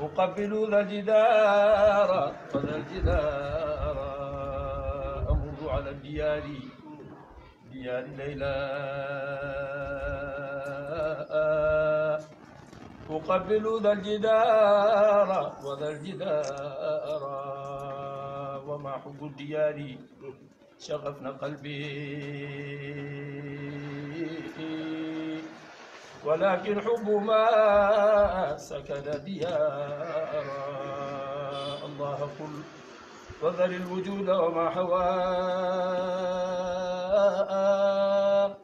أقبل ذا الجدار وذا الجدار أمر على ديار ديار ليلى أقبل ذا الجدار وذا الجدار وما حب الديار شغفنا قلبي ولكن حب ما سكن بها أرى الله قل وذر الوجود وما حواء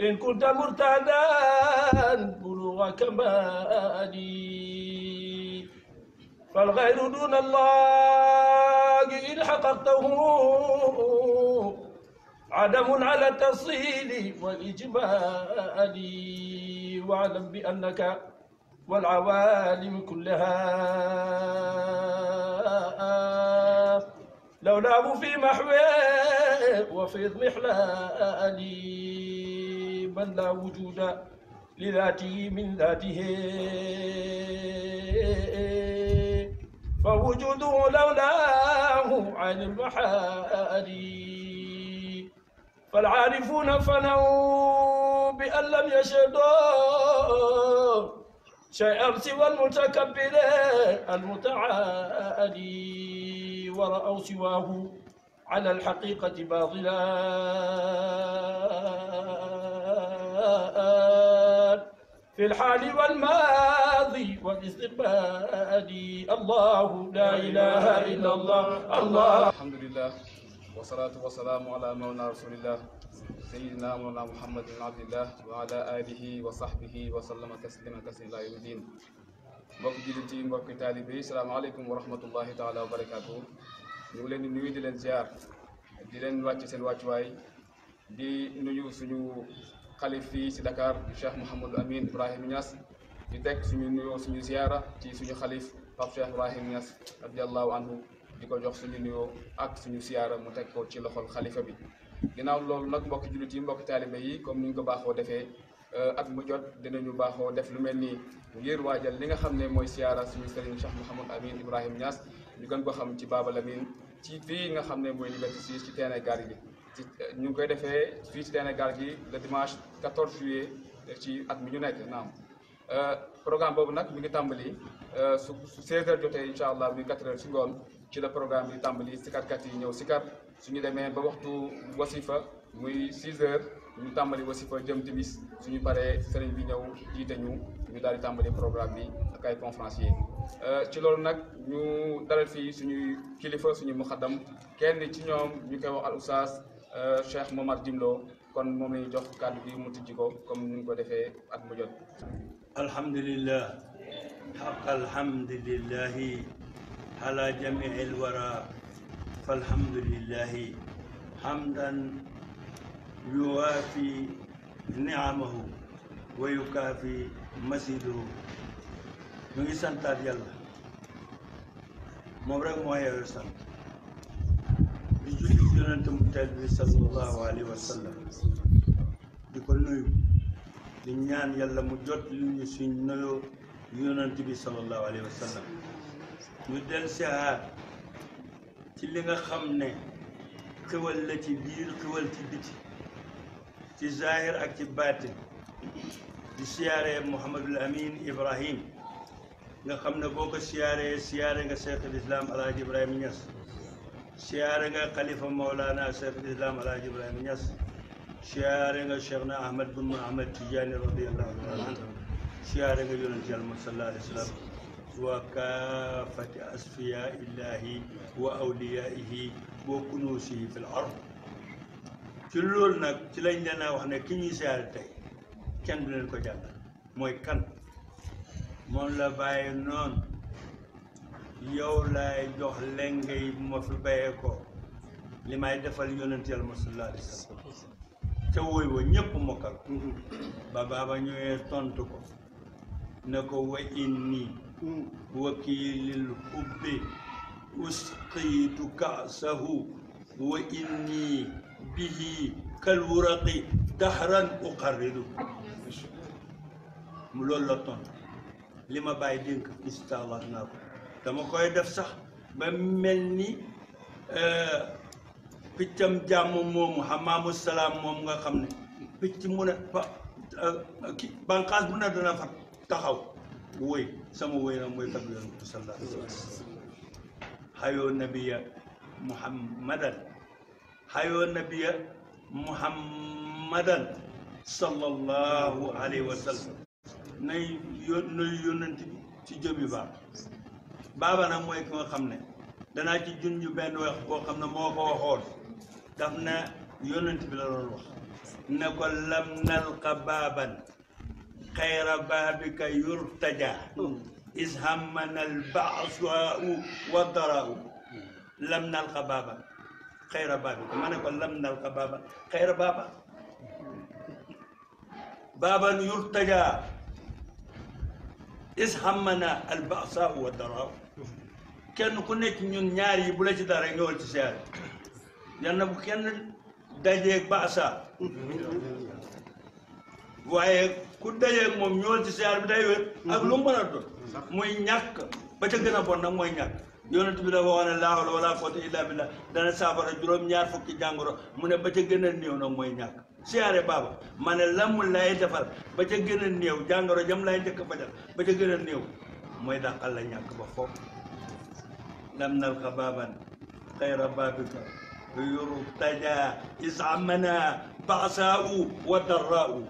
إن كنت مرتدا بلوغ كمالي فالغير دون الله إن حققته عدم على التصيل والإجمال واعلم بأنك والعوالم كلها لولاه في محوي وفي ضمحلالي من لا وجود لذاته من ذاته فوجوده لولاه عن المحاري فالعارفون فنوا بأن لم يشهدوا شيئا سوى المتكبر المتعالي ورأوا سواه على الحقيقة باطلا في الحال والماضي والاستقبال الله لا إله إلا الله الله الحمد لله والصلاة والسلام على مولانا رسول الله sayidina mawlana muhammadin abdillah wa ala alihi wa sahbihi wa sallama taslima taslim laa yawmi diin mbokk jullit yi salaamaaleykum wa rahmatullahi taala wa barakaatu leen nu nuyu leen ziar di leen wàcc seen wàccuwaay di nuyu suñu xalif fii si Dakar Cheikh Mouhamadou Amine Ibrahima Niass di teg suñu nuyoo suñu ziara ci suñu xalif Pape Cheikh Ibrahima Niass radiallahu anhu di ko jox suñu nuyoo ak suñu ziara mu teg ko ci loxol xalifa bi ginnaaw loolu nag mbokki jullit yi mbokki taalibe yi comme ni ñu ko baaxoo defee euh, at mu jot dina ñu baaxoo def lu mel nii ngir waajal li nga xam ne mooy siyaara suñu sëriñ Cheikh Mouhamadou Amine Ibrahima Niass ñu gën ko xam ci Baba Lamine ci fii nga xam ne mooy Liberté 6 ci terrain Gaal gi euh, ñu ngi koy defee fii ci terrain Gaal gi le dimanche 14 juillet euh, ci at mi ñu nekk naam programme boobu nag mi ngi tàmbali su su 16 heures jotee incha allah muy 4 heures ci ngoon ci la programme bi tàmbali sikarkat yi ñëw sikar suñu demee ba waxtu wasifa muy 6 heures ñu tàmbali wasifa jëm timis suñu paree sëriñ bi ñëw jiite ñu ñu daal di tàmbali programme bi ak ay conférencier euh, ci loolu nag ñu dalal fii suñu kilifa suñu muxaddam kenn ci ñoom ñu koy wax al oustaz euh, Cheikh Momar Dimlo kon moom lañu jox kàddu bi mu tijji ko comme ni ñu ko defee at mu jot alhamdulillah xaq alhamdulillahi ala jamiil wara فالحمد لله حمدا يوافي نعمه ويكافي مزيده ñu ngi santaat yàlla moom rek moo yeyoo sant di julli yonentam teel bi sallallahu alayhi wa sallam di ko nuyu di ñaan yàlla mu jot li ñu suñ nuyoo yonent bi sallallahu alayhi wa sallam ñu del siaar ci li nga xam ne xewal la ci biir xewal ci biti ci zahir ak ci baatin di siyaaree Mouhamadul Amin Ibrahim nga xam ne boo ko siyaaree siyaare nga Cheikhul Islam El Hadj Ibrahima Niass siyaare nga Khalifa Maulana Cheikhul Islam El Hadj Ibrahima Niass siyaare nga Cheikhna Ahmed bun Ahmed Tidiane radiyallahu taala anhu siyaare nga yonent Yàlla sallallahu alayhi wa sallam وكافة أصفياء الله وأوليائه وكنوسه في الأرض ci loolu nag ci lañ danaa wax ne ki ñuy seeyal tey kenn du leen ko jàngal mooy kan moom la bàyyi noonu yow laay jox lenge yi bu fi bayee ko li may defal yonent yàlla ma sallallahu alayhi wa sallam te woy wa ñëpp mm-hmm. ba baaba ñëwee tontu ko ne ko wa inni وكيل الحب أسقيت كأسه وإني به كالورق دهرا أقرد loolu la tontu li ma bàyyi dénk istaalah naa ko dama koy def sax ba mel ni eh, piccam jàmm moomu xamaamu salaam moom nga xam ne picc mu ne fa eh, banqaas bu ne dana fa taxaw woy sama woy la mooy kàddu yoon bi sallallahu muhammadan hayoo nabiya muhammadan sallallahu alayhi wa sallam nay yón nay yónnante bi ci jëmmi baaba baaba mooy ki xam ne danaa ci junj benn wax koo xam ne moo ko waxoon daf na yónnante bi la doon wax ne ko lam nalqa baaban xayra baabika yurtaja is hammana albaasaau wa daraau lam nalqa baaba xayra baabika ma ne ko lam nalqa baaba xayra baaba baaban yurtaja is hammana albaasaau wa daraau kenn ku nekk ñun ñaar yi bu la ci dara ñëwal ci seer yal na bu kenn dajeeg baasa waaye ku dajeeg moom ñool ci siyaar bi day wér ak doon muy ñàkk ba ca gën nag mooy ñàkk yonent bi dafa wax ne laa hawla wala quwwata illa billah dana saafara juróom-ñaar fukki jàngoro mu ne ba ca gën a néew nag mooy ñàkk siyaare baaba ma ne lamu lay defar ba ca gën jàngoro jam lay njëkk fajal ba ca gën mooy dàqal la ñàkk ba foofu lam nalqa baaban xayra baabika yuru tajaa isamana baasaau wa darraau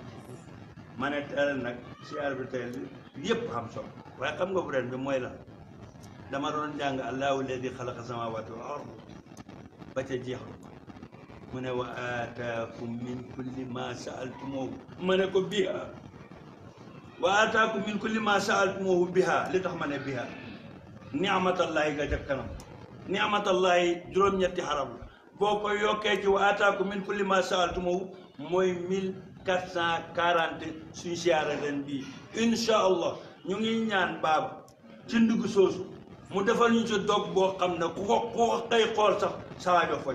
ma ne teel nag siyaar bi tey yëpp xam solo waaye xam nga problème bi mooy lan dama doon jàng allahu alladi xalaqa samawati wal ard ba ca jeexul mu ne wa aataakum min kulli ma saaltumoohu ma ne ko biha wa aataakum min kulli ma saaltumoohu biha li tax ma ne biha ni'matallahi nga jëkk kanam ni'matallahi juróom-ñetti xarab la boo ko yokkee ci wa aataakum min kulli ma saaltumoohu mooy mille quatre cent quarante suñ siyaara leen bii incha allah ñu ngi ñaan baaba ci ndugg soosu mu defal ñu dog boo xam ne ku ko ku ko kay xool sax sawaajo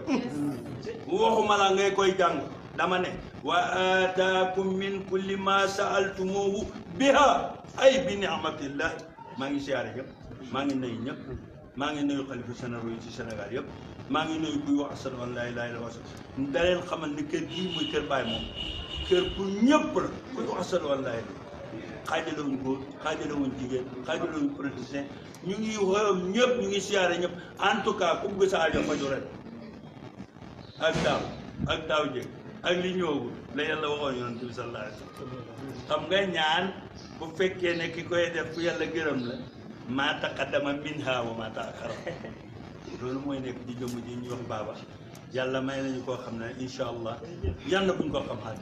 ngay koy jàng dama ne wa aataakum min kulli ma saaltumuhu biha ay bi niamatillah maa ngi siyaare yëpp maa ngi nuyu ñëpp maa ngi nuyu ci Sénégal yëpp maa ngi nuyu kuy wax asadu laa ilaaha illallaah da xamal ni kër gii muy kër baay moom kër pour ñëpp la ku ñu asal wallaay xaajalewuñ góor xaajalewuñ jigéen xaajalewuñ politicien ñu ngi xoyom ñëpp ñu ngi siyaare ñëpp en tout cas ku bëgg sa aajo faju ak daaw ak daaw jéeg ak li ñëwagul la yàlla waxoon yonent bi sallallahu alayhi wa xam nga ñaan bu fekkee ne ki koy def ku yàlla gërëm la maa taqaddama minha wa maa taaxara loolu mooy nekk di jëmm ji ñuy wax baaba yàlla may nañu koo xam ne incha allah yàlla buñ ko xam xaat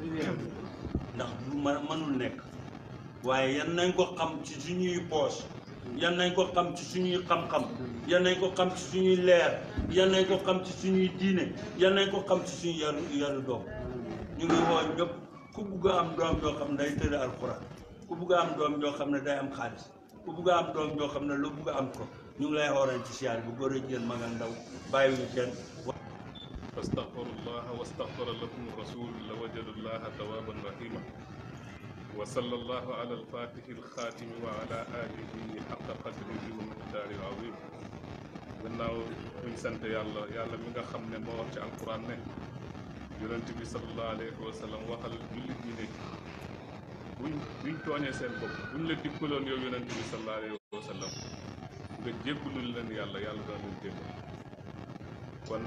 ndax lu ma mënul nekk waaye yan nañ ko xam ci suñuy poos yan nañ ko xam ci suñuy xam-xam yan nañ ko xam ci ñuy leer yan nañ ko xam ci suñuy diine yan nañ ko xam ci suñuy yaru yaru doom ñu ngi woo ñëpp ku bugg am doom yoo xam ne day tëdd alxuraan ku bugg a am doom yoo xam ne day am xaalis ku bugg am doom ñoo xam ne loo bugg am ko ñu ngi lay xooral ci siyaar bu góor a jigéen mag ak ndaw bàyyiwuñu kenn fastaxfirullah wastaxfara lakum rasul la wajadullaha tawaban rahima wa sallallahu ala alfatixi alxaatimi wa ala alihi xaqa qadrihi wa miqdaari azim gannaaw buñ sant yàlla yàlla mi nga xam ne moo wax ci alquran ne yonent bi salallahu alayhi wa sallam waxal jullit ñi ne buñ buñ tooñee seen bopp buñ la dikkaloon yow yonent bi salallahu alayhi wa sallam nga jéggalul leen yàlla yàlla dana leen jéggal kon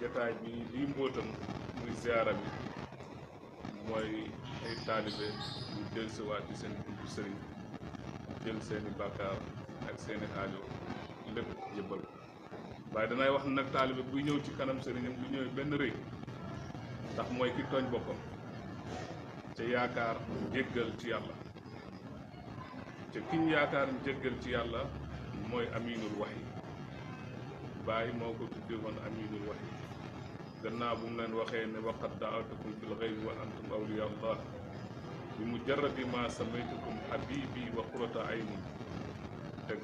jataay bi lii mbóotam muy ziyaara bi mooy ay taalibe ñu jël si waat ci seen buntu sëriñ jël seeni bàkkaar ak seeni xaajo lépp jëbbal waaye danay wax nag taalibe buy ñëw ci kanam sëriñam bu ñëwee benn rëy ndax mooy ki tooñ boppam ca yaakaar jéggal ci yàlla te kiñ yaakaar jéggal ci yàlla mooy aminul wax yi bàyyi moo ko tuddee woon aminul wax yi gannaaw bu mu leen waxee ne waqad daawtukum fil xaybi wa antum awliya allah bi mujarradi ma samaytukum habibi wa qurata aynin teg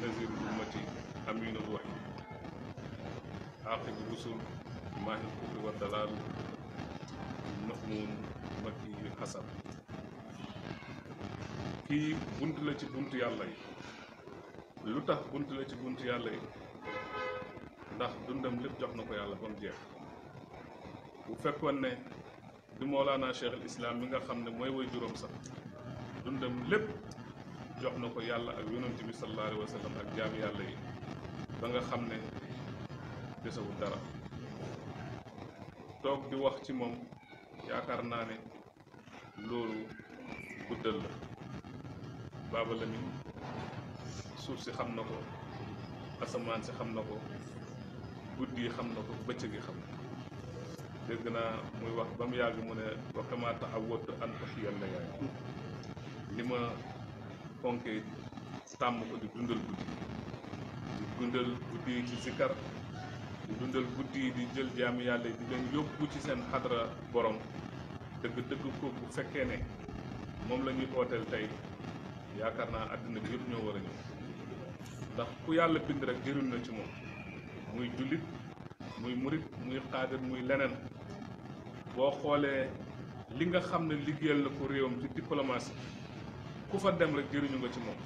nazir ummati aminul wax yi aqib rusul maahil kufri wa dalal mahmun makki hasan kii bunt la ci bunt yàlla yi lu tax bunt la ci bunt yàlla yi ndax dundam lépp jox na ko yàlla ba mu jeex bu fekkoon ne du Mawlaana Cheikh al Islam mi nga xam ne mooy way juróom sax dundam lépp jox na ko yàlla ak yonent bi sallallahu alayhi wa ak jaam yàlla yi ba nga xam ne desewul dara toog di wax ci moom yaakaar naa ne loolu guddal la Baaba Lamin suuf si xam na ko asamaan si xam na ko guddi yi xam na ko bëccëg yi xam na ko dégg naa muy wax ba mu yàgg mu ne wa kama ta'awwadtu an uhyiyal layali li ma fonkee tàmm ko di dundal guddi di dundal guddi yi ci sikar di dundal guddi yi di jël jaami yàlla di leen yóbbu ci seen xadara borom dëgg dëgg ko bu fekkee ne moom la ñuy ooteel tey yaakaar naa àddina bi yëpp ñoo war a ñëw ndax ku yàlla bind rek jëriñ na ci moom muy jullit muy murit muy xaadir muy leneen boo xoolee li nga xam ne liggéeyal na ko réewam ci diplomatie ku fa dem rek jëriñu nga ci moom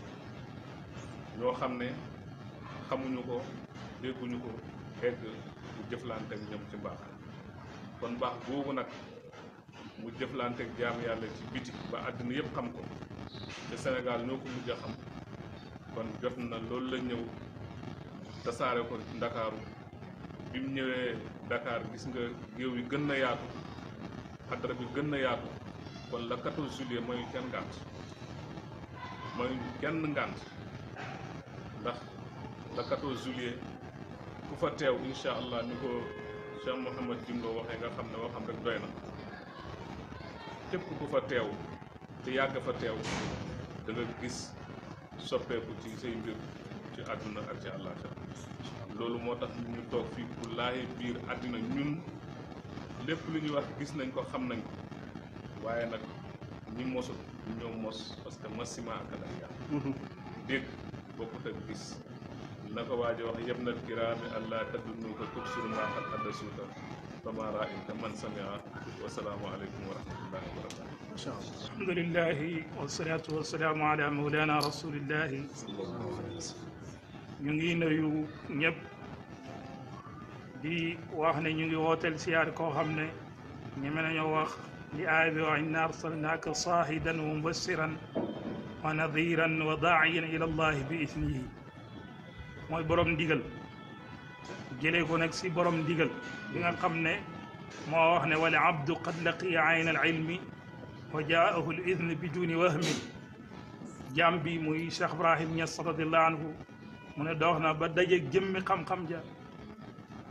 ñoo xam ne xamuñu ko dégguñu ko egg mu jëflanteeg ñoom ci mbaax kon mbaax googu nag mu jëflanteek jaam yàlla ci biti ba àddina yëpp xam ko te Sénégal ñoo ko mujj a xam kon jot na loolu la ñëw tasaare ko ndakaaru bi ñëwee Dakar gis nga géew yi gën na yaatu xadara bi gën na yaatu kon la 14 juillet kenn ngànt mayu kenn ngànt ndax la 14 ku fa teew incha allah ni ko Cheikh Mouhamad Jimbo waxee nga xam ne waxam rek doy na képp ku fa teew te yàgg fa teew da gis soppeeku ci say mbir ci àdduna ak ci àllaaxira loolu moo tax ñu toog fii pour laaye biir àddina ñun lépp lu ñuy wax gis nañ ko xam nañ ko waaye nag ñi mosut ñoo mos parce que masima ak la yàlla dégg bokkut ak gis na ko waajo wax yëpp nal kiraami allah taddunu ko kub maaxal adda suuta fama ra in ka man samia wasalaamu aleykum wa rahmatullahi wa barakatu الحمد لله والصلاة والسلام على مولانا رسول الله ñu ngi nuyu ñëpp di wax ne ñu ngi wooteel siyaar koo xam ne ñeme nañoo wax li aaya bi wax inna arsalnaaka saahidan wa mubassiran wa nadiran wa daa'iyan ila allahi bi idnihi mooy borom ndigal jëlee ko nag si borom ndigal bi nga xam ne moo wax ne wala abdu qad laqiya ayna al ilmi wa jaahu l idne bi duni wahmin jàmm bi muy Cheikh Ibrahim Niass radiallahu anhu mu ne dox na ba daje jëmmi xam-xam ja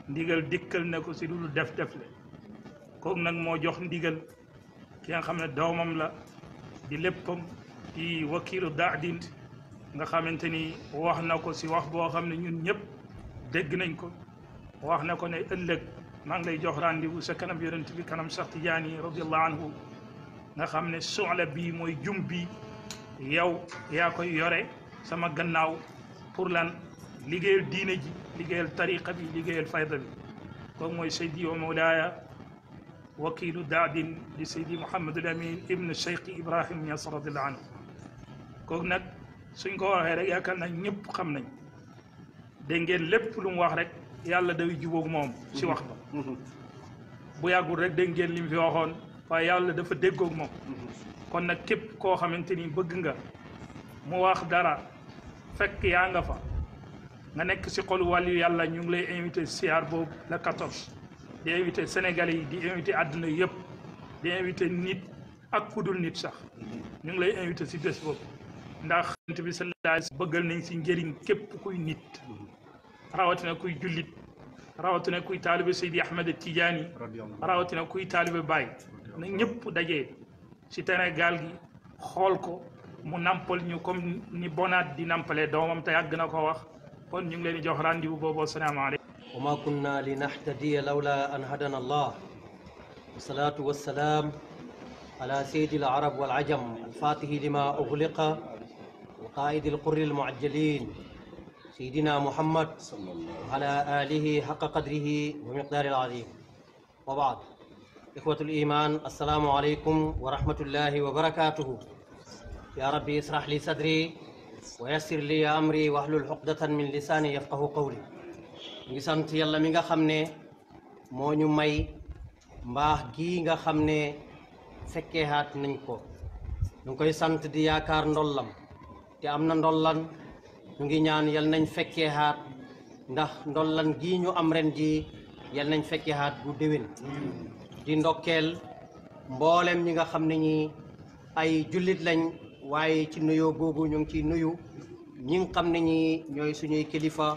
ndigal dikkal ne ko si lu def def le kooku nag moo jox ndigal ki nga xam ne doomam la di léppam di wakiilu daadin nga xamante ni wax na ko si wax boo xam ne ñun ñëpp dégg nañ ko wax na ko ne ëllëg maa ngi lay jox rendez-vous sa kanam yonent bi kanam Cheikh Tidiane radiallahu anhu nga xam ne soxla bii mooy jum bi yow yaa koy yore sama gannaaw pour lan liggéeyal diine ji liggéeyal tariqa bi liggéeyal fayda bi kooku mooy saydi wa mawlaaya wakiilu daadin di saydi Mouhamadul Amin ibnu Cheikh Ibrahim Niass radiallahu anhu kooku nag suñ ko waxee rek yaakaar nañ ñëpp xam nañ dégg ngeen lépp lu mu wax rek yàlla day jubóog moom si wax ba bu yàggul rek dégg ngeen waxoon waaye yàlla dafa déggoog moom kon nag képp koo xamante ni bëgg nga mu wax dara fekk yaa nga fa nga nekk ci xolu wàllu yàlla ñu ngi lay invité siyaar boobu la 14 di invité Sénégalais yi di invité àdduna yëpp di invité nit ak kudul nit sax ñu ngi lay invité si bés boobu ndax yonent bi sallallahu alayhi bëggal nañ ci njëriñ képp kuy nit rawatina kuy jullit rawatina kuy taalibe Seydi Ahmed Tidiane rawatina kuy taalibe Baye na ñëpp dajee ci Sénégal gi xool ko mu nampal ñu comme ni bonaat di nampale doomam te yàgg na ko wax kon ñu ngi leen di jox rendez-vous boobu asalaamaaleykum wa ma kunna li nahtadiya lawla an hadana allah والصلاة والسلام على سيد العرب والعجم الفاتح لما أغلق وقائد القر المعجلين سيدنا محمد وعلى آله حق قدره ومقدار العظيم وبعد ixwatul iman assalaamu aleykum wa rahmatullahi wa barakatuhu ya rabbi israh li sadri wa yassir li amri wahlul uqdatan min lisaani yafqahu qawli ngi sant yàlla mi nga xam ne moo ñu may mbaax gii nga xam ne fekkeexaat nañ ko ñu ngi koy sant di yaakaar ndollam te am na ndollan ñu ngi ñaan yal nañ fekkeexaat ndax ndollan gii ñu am ren ji yal nañ fekkeexaat bu déwén di ndokkeel mboolem ñi nga xam ne ñi ay jullit lañ waaye ci nuyoo boobu ñu ngi ciy nuyu ñi nga xam ne ñi ñooy suñuy kilifa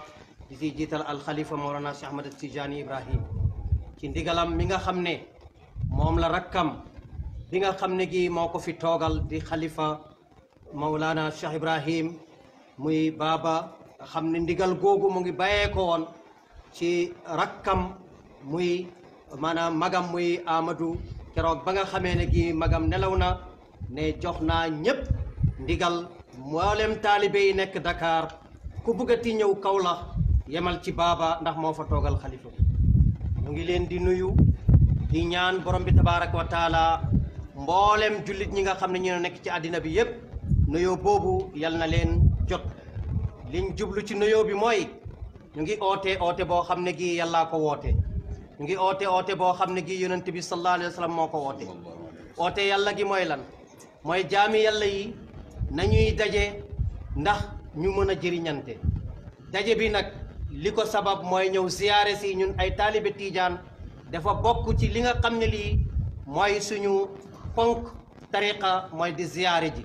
di si jiital alxalifa Mawlana Cheikh Ahmad Tijaani Ibrahim ci ndigalam mi nga xam ne moom la rakkam bi nga xam ne gi moo ko fi toogal di xalifa Mawlana Cheikh Ibrahim muy baaba xam ne ndigal googu mu ngi bàyyee woon ci rakkam muy maanaam magam muy Amadou keroog ba nga xamee ne gi magam nelaw na ne jox naa ñëpp ndigal mboolem taalibe yi nekk dakaar ku bëggati ñëw Kaolack yemal ci baaba ndax moo fa toogal xalifa ñu ngi leen di nuyu di ñaan borom bi tabaaraka wa mboolem jullit ñi nga xam ne ñu nekk ci àddina bi yépp nuyoo boobu yal na leen jot liñ jublu ci nuyoo bi mooy ñu ngi oote oote boo xam ne gi yàllaa ko woote ñu ngi oote oote boo xam ne gi yonent bi sallallahu alayhi wa sallam moo ko oote oote yàlla gi mooy lan mooy jaami yàlla yi nañuy daje ndax ñu mën a jëriñante daje bi nag li ko sabab mooy ñëw ziyaare si ñun ay taalibe tiijaan dafa bokk ci li nga xam ne lii mooy suñu ponk tariqa mooy di ziyaare ji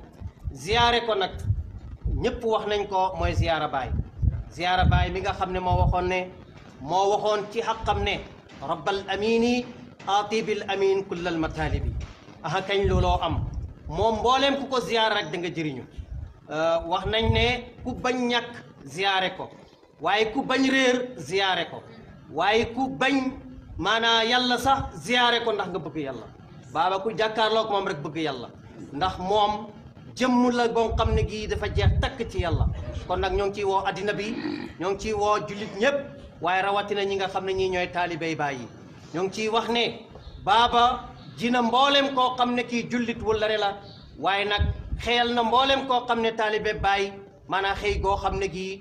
ziyaare ko nag ñëpp wax nañ ko mooy ziyaara baay ziyaara baay mi nga xam ne moo waxoon ne moo waxoon ci xaqam ne rabbal amini aati bil amin kullal matalibi aha kañ looloo am moom mbooleem ku ko ziyaar rek da nga jëriñu euh, wax nañ ne ku bañ ñàkk ziyaare ko waaye ku bañ réer ziyaare ko waaye ku bañ maanaa yàlla sax ziyaare ko ndax nga bëgg yàlla baaba ku jàkkaarloo ko moom rek bëgg yàlla ndax moom jëmm la boo xam ne gii dafa jeex takk ci yàlla kon nag ñoo ngi ciy woo addina bi ñoo ngi ciy woo jullit ñëpp waaye rawatina ñi nga xam ne ñii ñooy taalibey baay yi ñoo ngi ciy wax ne baaba na mboolem koo xam ne kii jullit wëllare la waaye nag xeyal na mboolem koo xam ne taalibe bàyyi maanaam xëy goo xam ne gii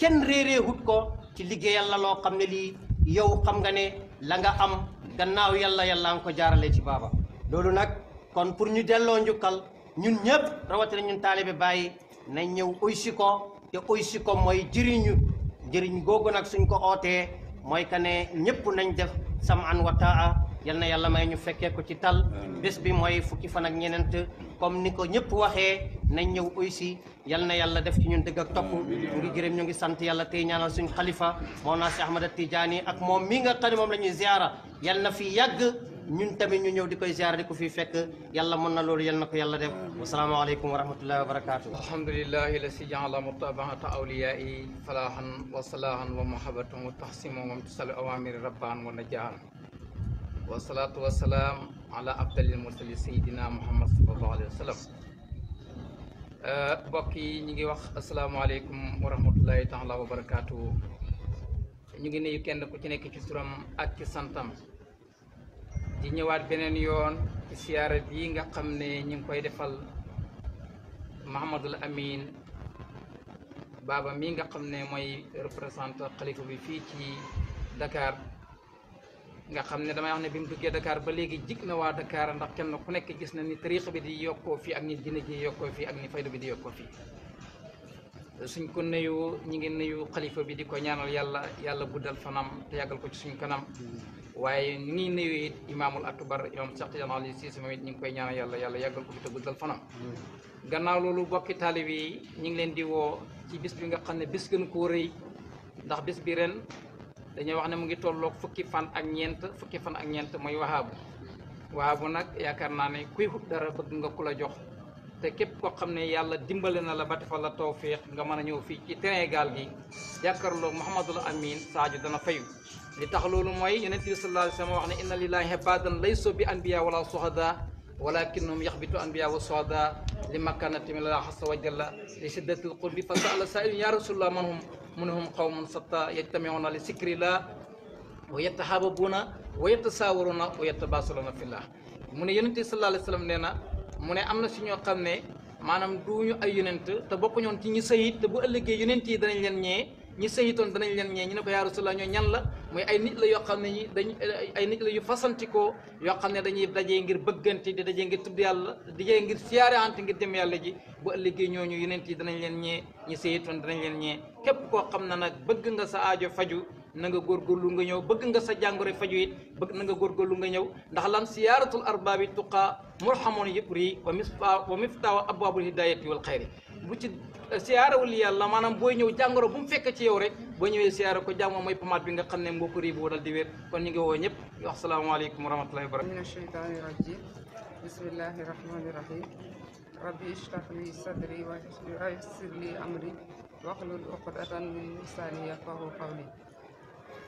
kenn réeree hut ko ci liggéeyal la loo xam ne lii yow xam nga ne la nga am gannaaw yàlla yàlla nga ko jaarale ci baaba loolu nag kon pour ñu delloo njukkal ñun ñëpp rawatina ñun taalibe bàyyi nañ ñëw oysi ko te oysi ko mooy jëriñu jëriñ googu nag suñ ko ootee mooy que ne ñëpp nañ def sam an wa taa yal na yàlla may ñu fekkee ko ci tal bés bi mooy fukki fan ak ñeneent comme ni ko ñëpp waxee nañ ñëw oysi yal na yàlla def ci ñun dëgg ak topp ñu ngi gërëm ñu ngi sant yàlla tey ñaanal suñ xalifa Mawlana Cheikh Ahmad Tidiane ak moom mii nga xam moom la ñuy yal na fi yàgg ñun tamit ñu ñëw di koy ziar di ko fii fekk yàlla mën na loolu yal na ko yàlla def wasalaamaaleykum wa rahmatullahi wa barakaatu alhamdulilahi la si jaala mutabaata awliyaa'i falaahan wa salaahan wa mahabatan wa tahsiman wa imtisaalu awamiri rabban wa najaan wa salaatu wa salaam ala abdalil mursali sayidina muhammad sallallahu alayhi wa sallam mbokk yi ñu ngi wax asalaamaaleykum wa rahmatullahi taala wa barakaatu ñu ngi nuyu kenn ku ci nekk ci turam ak ci santam di ñëwaat beneen yoon ci siyaara nga xam ne ñu ngi koy defal Mahamadul Amin baaba mi nga xam ne mooy représentant xalifa bi fii ci Dakar nga xam ne damay wax ne bi mu duggee dakaar ba léegi jig na waa Dakar ndax kenn ku nekk gis na ni tariixa bi di yokkoo fi ak ni dina ji yokkoo fii ak ni fayda bi di yokkoo fii suñ ko nuyu ñi ngi nuyu xalifa bi di ko ñaanal yàlla yàlla guddal fanam te yàggal ko ci suñ kanam waaye ñu ngi nuyu it imaamul akbar imam Cheikh Tidiane Ali Cissé moom it ñu ngi koy ñaanal yàlla yàlla yàggal ko fi te guddal fanam gannaaw loolu bokki taalib yi ñu ngi leen di woo ci bis bi nga xam ne bis gën koo rëy ndax bis bi ren dañuy wax ne mu ngi tolloog fukki fan ak ñeent fukki fan ak ñeent mooy wahaabu wahaabu nag yaakaar naa ne kuy xut dara bëgg nga ku la jox te képp koo xam ne yàlla dimbale na la ba defal la tawfiq nga mën a ñëw fii ci terrain gaal gi jàkkaarloo Mouhamadul Amin Sadio dana fayu li tax loolu mooy yonent bi sallallahu alayhi wa sallam wax ne inna lillahi ibadan laysu bi anbiya wala suhada walakinnahum yaxbitu anbiya wa suhada li makkanatihim lillahi azza wa jalla li shiddatil qurbi fa sa'ala saa'ilun ya rasulullah man hum mun hum qawmun satta yajtami'una li zikrillah wa yatahababuna wa yatasaawaruna wa yatabaasaluna fillah mu ne yonent bi sallallahu alayhi wa sallam nee na mu ne am na si ñoo xam ne maanaam ñu ay yonent te bokk bokkuñoon ci ñi sayit te bu ëllëgee yonent yi danañ leen ñee ñi sayitoon danañ leen ñee ñu ne ko yaa Rasulullah ñoo ñan la muy ay nit la yoo xam ne ñi dañu ay nit la yu fasantikoo yoo xam ne dañuy dajee ngir bëggante di dajee ngir tudd yàlla dajee ngir siyaarante ngir dem yàlla ji bu ëllëgee ñooñu yonent yi danañ leen ñee ñi sayitoon danañ leen ñee képp koo xam ne nag bëgg nga sa aajo faju na nga lu nga ñëw bëgg nga sa jàngoro faju it bëgg na nga lu nga ñëw ndax lan siyaaratul arbaabi tuqaa murhamoon yëpp rii wa misfa wa miftaa abwaabul hidaayati wal xayri bu ci eh, siyaarawul yàlla maanaam booy ñëw jàngoro bu mu fekk ci yow rek boo ñëwee siyaara ko jàmm mooy pomaat bi nga xam ne moo ko rii boo dal di wér kon ñu ngi woo ñëpp wax salaamaaleykum wa rahmatullahi wa barakatuh mina shaytaani rajim bismillahi rahmani rahim rabbi ishrah li sadri wa yassir li amri wahlul uqdatan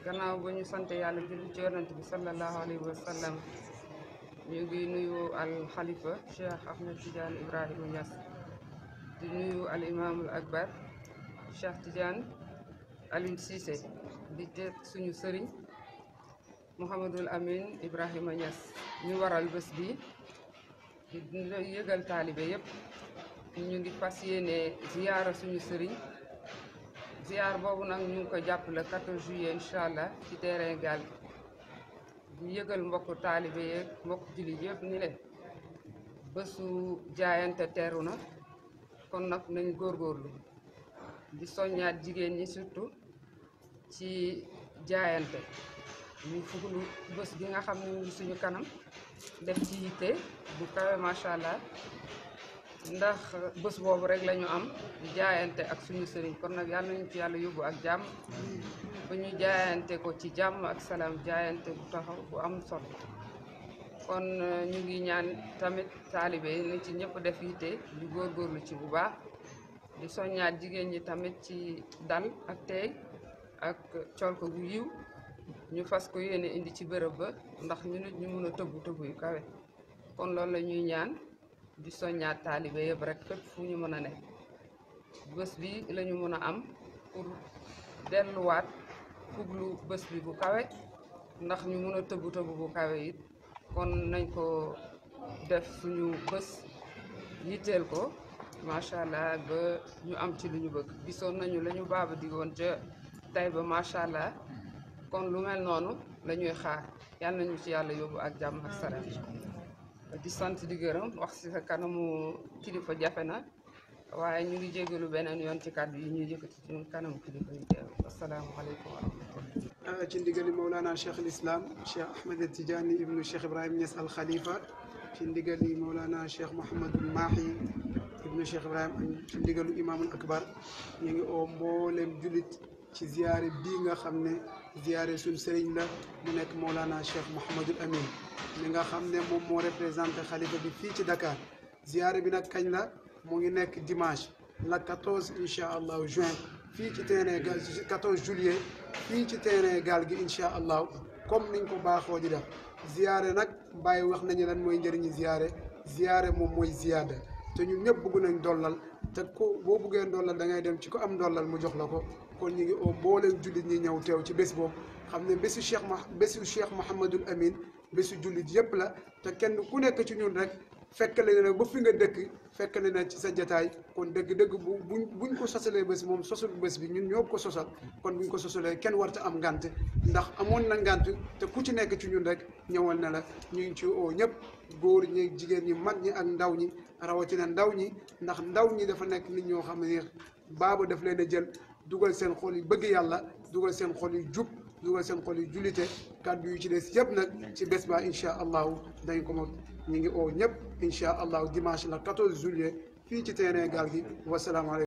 gannaaw ba ñu santee yàlla julli ci yonent bi sallallahu alayhi wa sallam ñu ngi nuyu al xalifa cheikh ahmed tidiane ibrahima Niass di nuyu al imaamul akbar cheikh tidiane Alioune Cissé di teeg suñu sëriñ mouhamadul amin ibrahima Niass ñu waral bés bi di yëgal taalibe yépp ñu ngi fas yéene ziyaara suñu sëriñ ziar boobu nag ñu ngi ko jàpp le 14 juillet incha allah ci terrain gaal bu yëgal mbokku taalibe yeeg mbokku jullit yëpp ni leen bésu jaayante teeru na kon nag góor góorlu di soñaat jigéen ñi surtout ci jaayante ñu fuglu bés bi nga xam ne suñu kanam def ci yitte bu kawe macha allah. ndax bés boobu rek lañu am jaayante ak suñu sëriñ kon nag yàlla nañu ci yàlla yóbbu ak jàmm bu ñu jaayante ko ci jàmm ak salaam jaayante bu taxaw bu am sol kon euh, ñu ngi ñaan tamit taalibe yi ci ñëpp def yitte góor góorgóorlu ci bu baax di soññaat jigéen ñi tamit ci dal ak tey ak col ko gu yiw ñu fas ko yéene indi ci bërëb ba ndax ñu nit ñu mun a tëbb tëbb yu kawe kon loolu la ñuy ñaan di soññaat taalibe yëpp rek fépp fu ñu mën a ne bës bi lañu mën a am pour delluwaat fuglu bés bi bu kawe ndax ñu mën a tëbu tëbu bu kawe it kon nañ ko def suñu bés yitteel ko macha allah ba ñu am ci lu ñu bëgg gisoon nañu la ñu baaba digoon ca tey ba macha allah kon lu mel noonu la ñuy xaar yal nañu ci yàlla yóbbu ak jàmm ak salaam di sant di gërëm wax ci kanamu kilifa jafe na waaye ñu ngi jégalu beneen yoon ci kàddu yi ñuy yëkkati ci kanamu kilifa yi teew asalaamaaleykum wa rahmatullah ah, ci ndigali Mawlana Cheikh Lislam Cheikh Ahmed Tidiane ibnu Cheikh Ibrahim Niass al Khalifa ci ndigali Mawlana Cheikh Mouhamadul Mahi ibnu Cheikh Ibrahim ci ndigalu Imaamul ci ziyaare nga xam ne. ziare suñ sëriñ nag mu nekk Mawlana Cheikh Mouhamadul Amin mi nga xam ne moom moo représenté xalifa bi fii ci Dakar ziare bi nag kañ la mu ngi nekk dimanche la 14 incha allahu juin fii ci terrain gaal 14 juillet fii ci terrain gaal gi incha allahu comme niñ ko baaxoo di def ziare nag bàyyi wax nañu lan mooy njëriñu ziare ziare moom mooy ziyaada te ñun ñëpp bëgg nañ dollal te ko boo bëggee dollal da ngay dem ci ko am dollal mu jox la ko kon ñu ngi oo mbooleem jullit ñi ñëw teew ci bés boo xam ne bésu cheikh ma bésu cheikh Mouhamadul Amin bésu jullit yëpp la te kenn ku nekk ci ñun rek fekk la nag ba fi nga dëkk fekk la na ci sa jataay kon dëgg-dëgg bu buñ ko sosalee bés moom sosul bés bi ñun ñoo ko sosal kon buñ ko sosalee kenn warta am ngant ndax amoon na ngant te ku ci nekk ci ñun rek ñëwal na la ñu ngi ci oo ñëpp góor ñi jigéen ñi mag ñi ak ndaw ñi rawatina ndaw ñi ndax ndaw ñi dafa nekk nit ñoo xam ne baaba daf leen a jël dugal seen xol yi bëgg yàlla dugal seen xol yi jub dugal seen xol yi jullite kàddu yu ci des yëpp nag ci bés ba incha allahu dañ ko mot ñu ngi oo ñëpp incha allahu dimanche la 14 juillet fii ci terrain gaal gi wasalaamaaleykum